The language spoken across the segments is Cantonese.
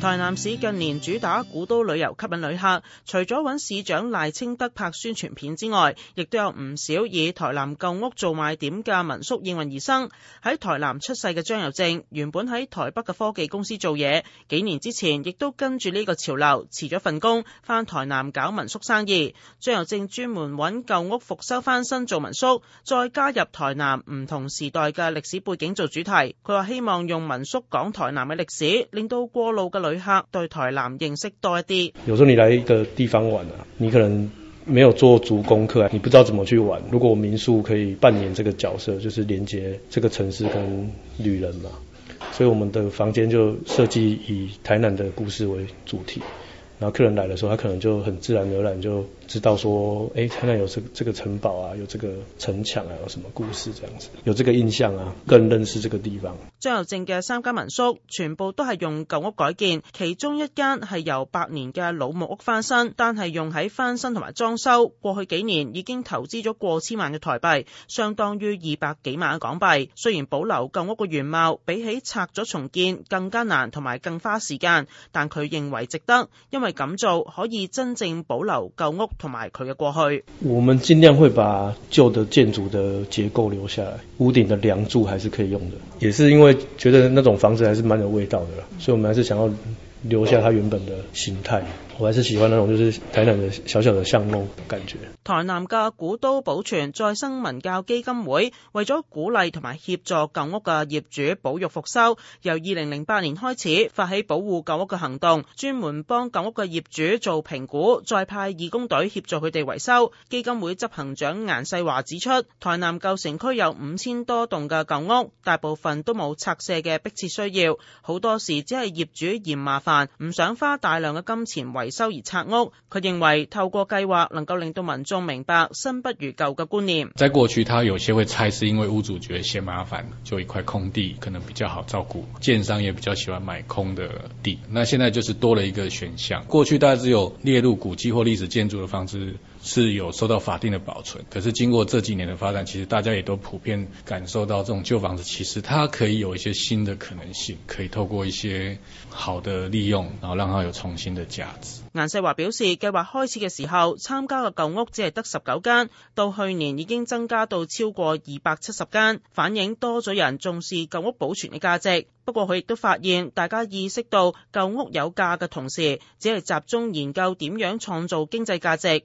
台南市近年主打古都旅遊吸引旅客，除咗揾市長賴清德拍宣傳片之外，亦都有唔少以台南舊屋做賣點嘅民宿應運而生。喺台南出世嘅張有正，原本喺台北嘅科技公司做嘢，幾年之前亦都跟住呢個潮流辭咗份工，返台南搞民宿生意。張有正專門揾舊屋復修翻新做民宿，再加入台南唔同時代嘅歷史背景做主題。佢話希望用民宿講台南嘅歷史，令到過路嘅旅旅客對台南認識多一點。有時候你來一個地方玩啊，你可能沒有做足功課，你不知道怎麼去玩。如果民宿可以扮演這個角色，就是連接這個城市跟旅人嘛，所以我們的房間就設計以台南的故事為主題。然後客人來的時候，他可能就很自然瀏覽，就知道說，哎，看看有這這個城堡啊，有這個城牆啊，有什麼故事，這樣子，有這個印象啊，更認識這個地方。張有政嘅三間民宿全部都係用舊屋改建，其中一間係由百年嘅老木屋翻新，但係用喺翻新同埋裝修，過去幾年已經投資咗過千萬嘅台幣，相當於二百幾萬港幣。雖然保留舊屋嘅原貌，比起拆咗重建更加難同埋更花時間，但佢認為值得，因為係咁做，可以真正保留舊屋同埋佢嘅過去。我們盡量會把舊的建築的結構留下來，屋頂的梁柱還是可以用的。也是因為覺得那種房子還是蠻有味道的啦，所以我們還是想要留下它原本的形態。我還是喜歡那種就是台南的小小的巷弄感覺。台南嘅古都保存再生文教基金會為咗鼓勵同埋協助舊屋嘅業主保育復修，由二零零八年開始發起保護舊屋嘅行動，專門幫舊屋嘅業主做評估，再派義工隊協助佢哋維修。基金會執行長顏世華指出，台南舊城區有五千多棟嘅舊屋，大部分都冇拆卸嘅迫切需要，好多時只係業主嫌麻煩，唔想花大量嘅金錢維修而拆屋，佢認為透過計劃能夠令到民眾明白新不如舊嘅觀念。在過去，他有些會猜是因為屋主覺得嫌麻煩，就一塊空地可能比較好照顧，建商也比較喜歡買空的地。那現在就是多了一個選項，過去大家只有列入古蹟或歷史建築嘅方式。是有受到法定的保存，可是經過這幾年的發展，其實大家也都普遍感受到，這種舊房子其實它可以有一些新的可能性，可以透過一些好的利用，然後讓它有重新的價值。顏世華表示，計劃開始嘅時候參加嘅舊屋只係得十九間，到去年已經增加到超過二百七十間，反映多咗人重視舊屋保存嘅價值。不過佢亦都發現，大家意識到舊屋有價嘅同時，只係集中研究點樣創造經濟價值。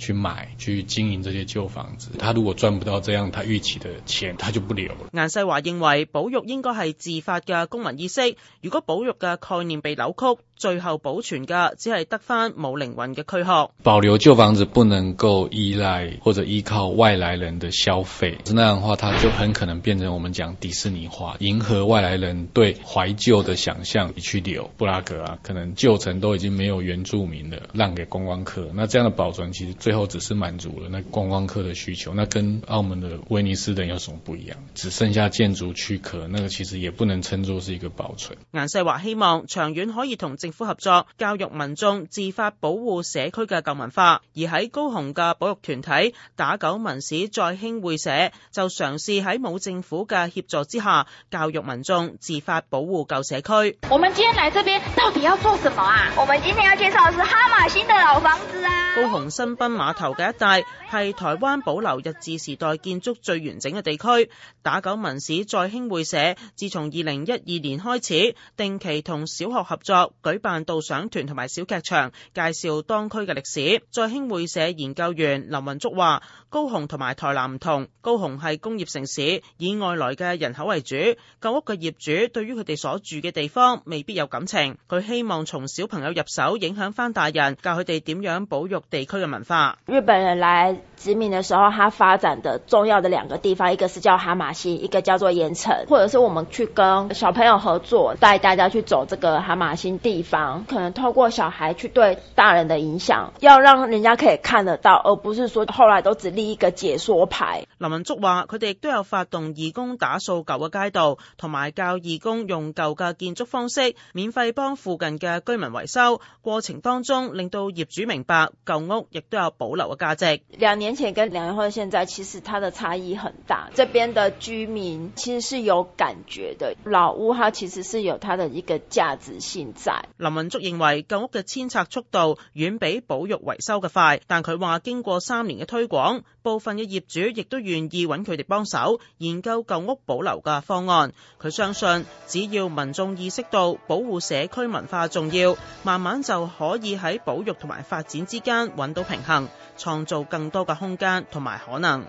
去買去經營這些舊房子，他如果賺不到這樣他預期的錢，他就不留了。顏世華認為保育應該係自發嘅公民意識，如果保育嘅概念被扭曲，最後保存嘅只係得返冇靈魂嘅軀殼。保留舊房子不能夠依賴或者依靠外來人的消費，那樣嘅話，它就很可能變成我們講迪士尼化，迎合外來人對懷舊嘅想象去留。布拉格啊，可能舊城都已經沒有原住民了，讓給觀光客，那這樣的保存其實最。最後只是滿足了那觀光客的需求，那跟澳門的威尼斯等有什麼不一樣？只剩下建築軀殼，那個其實也不能稱作是一個保存。顏世華希望長遠可以同政府合作，教育民眾自發保護社區嘅舊文化。而喺高雄嘅保育團體打狗文史再興會社，就嘗試喺冇政府嘅協助之下，教育民眾自發保護舊社區。我們今天來這邊到底要做什麼啊？我們今天要介紹的是哈馬星的老房子啊。高雄新濱、碼頭嘅一帶係台灣保留日治時代建築最完整嘅地區。打狗文史再興會社自從二零一二年開始，定期同小學合作舉辦導賞團同埋小劇場，介紹當區嘅歷史。再興會社研究員林文竹話：高雄同埋台南唔同，高雄係工業城市，以外來嘅人口為主，舊屋嘅業主對於佢哋所住嘅地方未必有感情。佢希望從小朋友入手，影響翻大人，教佢哋點樣保育地區嘅文化。日本人來殖民的時候，他發展的重要的兩個地方，一個是叫哈瑪星，一個叫做鹽埕。或者是我們去跟小朋友合作，帶大家去走這個哈瑪星地方，可能透過小孩去對大人的影響，要讓人家可以看得到，而不是說後來都只立一個解說牌。林文竹話，佢哋亦都有發動義工打掃舊嘅街道，同埋教義工用舊嘅建築方式，免費幫附近嘅居民維修。過程當中，令到業主明白舊屋亦都有保留嘅價值。兩年前跟兩年後現在，其實它的差異很大。這邊的居民其實是有感覺的，老屋它其實是有它的一個價值性在。林文竹認為舊屋嘅遷拆速度遠比保育維修嘅快，但佢話經過三年嘅推廣，部分嘅業主亦都願意揾佢哋幫手研究舊屋保留嘅方案。佢相信只要民眾意識到保護社區文化重要，慢慢就可以喺保育同埋發展之間揾到平衡。創造更多嘅空間同埋可能。